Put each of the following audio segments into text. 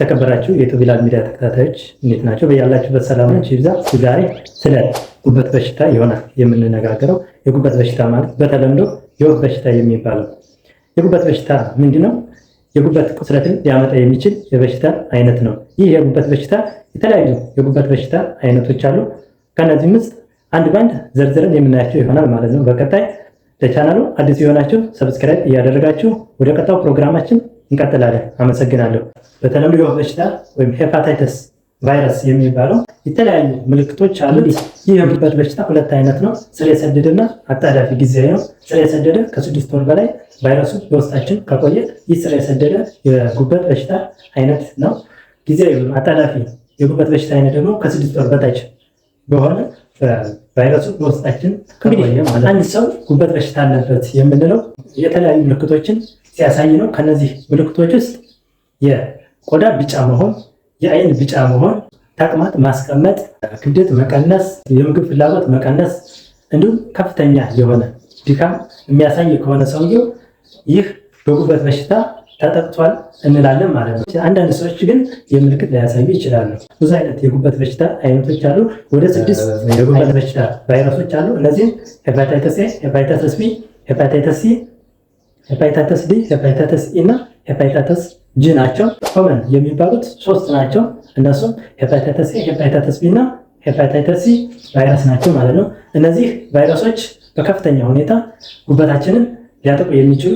የተከበራችሁ የቱቢላል ሚዲያ ተከታታዮች እንዴት ናቸው? በያላችሁበት ሰላማችሁ ይብዛ። ዛሬ ስለ ጉበት በሽታ ይሆናል የምንነጋገረው። የጉበት በሽታ ማለት በተለምዶ የወፍ በሽታ የሚባለው የጉበት በሽታ ምንድን ነው? የጉበት ቁስለትን ሊያመጣ የሚችል የበሽታ አይነት ነው። ይህ የጉበት በሽታ የተለያዩ የጉበት በሽታ አይነቶች አሉ። ከእነዚህም ውስጥ አንድ ባንድ ዘርዝረን የምናያቸው ይሆናል ማለት ነው። በቀጣይ ለቻናሉ አዲስ የሆናችሁ ሰብስክራይብ እያደረጋችሁ ወደ ቀጣው ፕሮግራማችን እንቀጥላለን። አመሰግናለሁ። በተለምዶ በሽታ ወይም ሄፓታይተስ ቫይረስ የሚባለው የተለያዩ ምልክቶች አሉት። ይህ የጉበት በሽታ ሁለት አይነት ነው፣ ስር የሰደደና አጣዳፊ ጊዜ ነው። ስር የሰደደ ከስድስት ወር በላይ ቫይረሱ በውስጣችን ከቆየ ይህ ስር የሰደደ የጉበት በሽታ አይነት ነው። ጊዜ አጣዳፊ የጉበት በሽታ አይነት ደግሞ ከስድስት ወር በታች በሆነ ቫይረሱ በውስጣችን ከቆየ ማለት ነው። አንድ ሰው ጉበት በሽታ አለበት የምንለው የተለያዩ ምልክቶችን ሲያሳይ ነው። ከነዚህ ምልክቶች ውስጥ የቆዳ ቢጫ መሆን፣ የአይን ቢጫ መሆን፣ ተቅማጥ ማስቀመጥ፣ ክብደት መቀነስ፣ የምግብ ፍላጎት መቀነስ እንዲሁም ከፍተኛ የሆነ ድካም የሚያሳይ ከሆነ ሰውየው ይህ በጉበት በሽታ ተጠቅቷል እንላለን ማለት ነው። አንዳንድ ሰዎች ግን የምልክት ሊያሳዩ ይችላሉ። ብዙ አይነት የጉበት በሽታ አይነቶች አሉ። ወደ ስድስት የጉበት በሽታ ቫይረሶች አሉ። እነዚህም ሄፓታይተስ ኤ፣ ሄፓታይተስ ቢ፣ ሄፓታይተስ ሲ ሄፓታይተስ ዲ፣ ሄፓታይተስ ኢ እና ሄፓታይተስ ጂ ናቸው። ኮመን የሚባሉት ሶስት ናቸው። እነሱም ሄፓታይተስ ኤ፣ ሄፓታይተስ ቢ እና ሄፓታይተስ ሲ ቫይረስ ናቸው ማለት ነው። እነዚህ ቫይረሶች በከፍተኛ ሁኔታ ጉበታችንን ሊያጠቁ የሚችሉ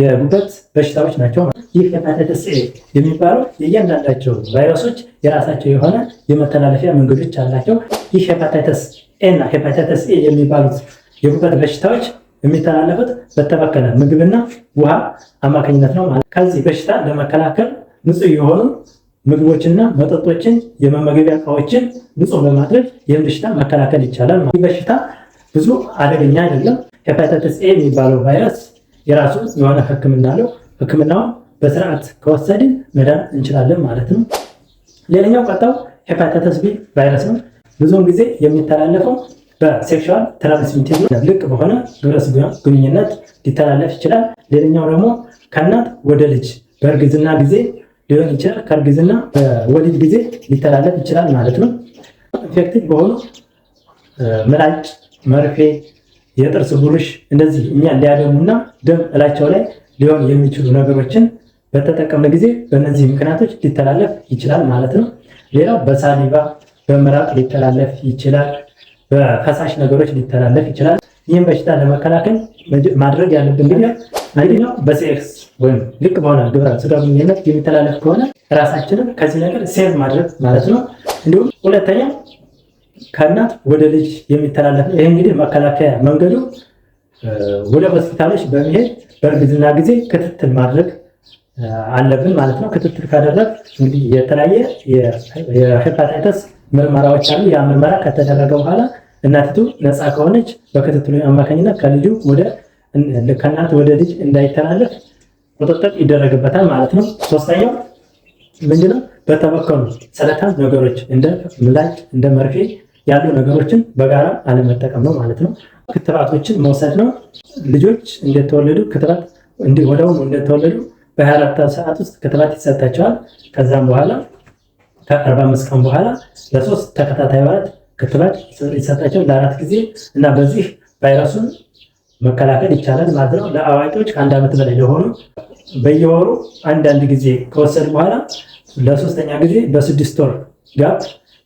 የጉበት በሽታዎች ናቸው። ይህ ሄፓታይተስ ኤ የሚባሉ የእያንዳንዳቸው ቫይረሶች የራሳቸው የሆነ የመተላለፊያ መንገዶች አላቸው። ይህ ሄፓታይተስ ኤ እና ሄፓታይተስ ኤ የሚባሉት የጉበት በሽታዎች የሚተላለፉት በተበከለ ምግብና ውሃ አማካኝነት ነው ማለት። ከዚህ በሽታ ለመከላከል ንጹህ የሆኑ ምግቦችና መጠጦችን፣ የመመገቢያ እቃዎችን ንጹህ በማድረግ ይህን በሽታ መከላከል ይቻላል። ይህ በሽታ ብዙ አደገኛ አይደለም። ሄፓታይተስ ኤ የሚባለው ቫይረስ የራሱ የሆነ ሕክምና አለው። ሕክምናውን በስርዓት ከወሰድን መዳን እንችላለን ማለት ነው። ሌላኛው ቀጣው ሄፓታይተስ ቢ ቫይረስ ነው። ብዙውን ጊዜ የሚተላለፈው በሴክሹዋል ትራንስሚቴድ ልቅ በሆነ ግብረ ስጋ ግንኙነት ሊተላለፍ ይችላል። ሌላኛው ደግሞ ከእናት ወደ ልጅ በእርግዝና ጊዜ ሊሆን ይችላል። ከእርግዝና በወሊድ ጊዜ ሊተላለፍ ይችላል ማለት ነው። ኢንፌክቲቭ በሆኑ ምላጭ፣ መርፌ፣ የጥርስ ብሩሽ እንደዚህ እኛ ሊያደሙና ደም እላቸው ላይ ሊሆን የሚችሉ ነገሮችን በተጠቀምን ጊዜ በእነዚህ ምክንያቶች ሊተላለፍ ይችላል ማለት ነው። ሌላው በሳሊቫ በምራቅ ሊተላለፍ ይችላል። በፈሳሽ ነገሮች ሊተላለፍ ይችላል። ይህን በሽታ ለመከላከል ማድረግ ያለብን እንግዲህ አንደኛው በሴክስ ወይም ልቅ በሆነ ግብረ ስጋ ግንኙነት የሚተላለፍ ከሆነ ራሳችንን ከዚህ ነገር ሴቭ ማድረግ ማለት ነው። እንዲሁም ሁለተኛ ከእናት ወደ ልጅ የሚተላለፍ ይህ እንግዲህ መከላከያ መንገዱ ወደ ሆስፒታሎች በመሄድ በእርግዝና ጊዜ ክትትል ማድረግ አለብን ማለት ነው። ክትትል ካደረግ እንግዲህ የተለያየ የሄፓታይተስ ምርመራዎች አሉ። ያ ምርመራ ከተደረገ በኋላ እናቲቱ ነፃ ከሆነች በክትትሉ አማካኝነት ከልጁ ወደ ከእናት ወደ ልጅ እንዳይተላለፍ ቁጥጥር ይደረግበታል ማለት ነው። ሶስተኛው ምንድነው? በተበከሉ ስለታም ነገሮች እንደ ምላጭ፣ እንደ መርፌ ያሉ ነገሮችን በጋራ አለመጠቀም ነው ማለት ነው። ክትባቶችን መውሰድ ነው። ልጆች እንደተወለዱ ክትባት ወዲያውኑ እንደተወለዱ በ24 ሰዓት ውስጥ ክትባት ይሰጣቸዋል። ከዛም በኋላ ከአርባ አምስት ቀን በኋላ ለሶስት ተከታታይ ወራት ክትባት ይሰጣቸው ለአራት ጊዜ እና በዚህ ቫይረሱን መከላከል ይቻላል ማለት ነው። ለአዋቂዎች ከአንድ ዓመት በላይ ለሆኑ በየወሩ አንዳንድ ጊዜ ከወሰዱ በኋላ ለሶስተኛ ጊዜ በስድስት ወር ጋፕ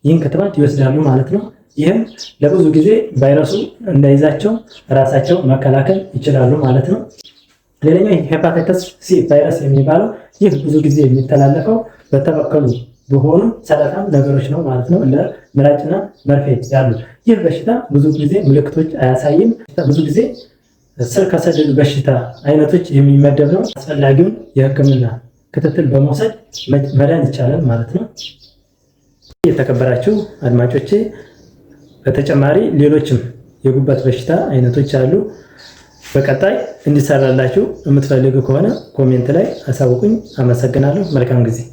ይህን ክትባት ይወስዳሉ ማለት ነው። ይህም ለብዙ ጊዜ ቫይረሱ እንዳይዛቸው ራሳቸው መከላከል ይችላሉ ማለት ነው። ሌላኛው ሄፓታይተስ ሲ ቫይረስ የሚባለው ይህ ብዙ ጊዜ የሚተላለፈው በተበከሉ በሆኑ ሰላሳም ነገሮች ነው ማለት ነው። ምራጭና መርፌ ያሉ ይህ በሽታ ብዙ ጊዜ ምልክቶች አያሳይም። ብዙ ጊዜ ስር ከሰደዱ በሽታ አይነቶች የሚመደብ ነው። አስፈላጊውን የህክምና ክትትል በመውሰድ መዳን ይቻላል ማለት ነው። የተከበራችሁ አድማጮቼ በተጨማሪ ሌሎችም የጉበት በሽታ አይነቶች አሉ። በቀጣይ እንዲሰራላችሁ የምትፈልጉ ከሆነ ኮሜንት ላይ አሳውቁኝ። አመሰግናለሁ። መልካም ጊዜ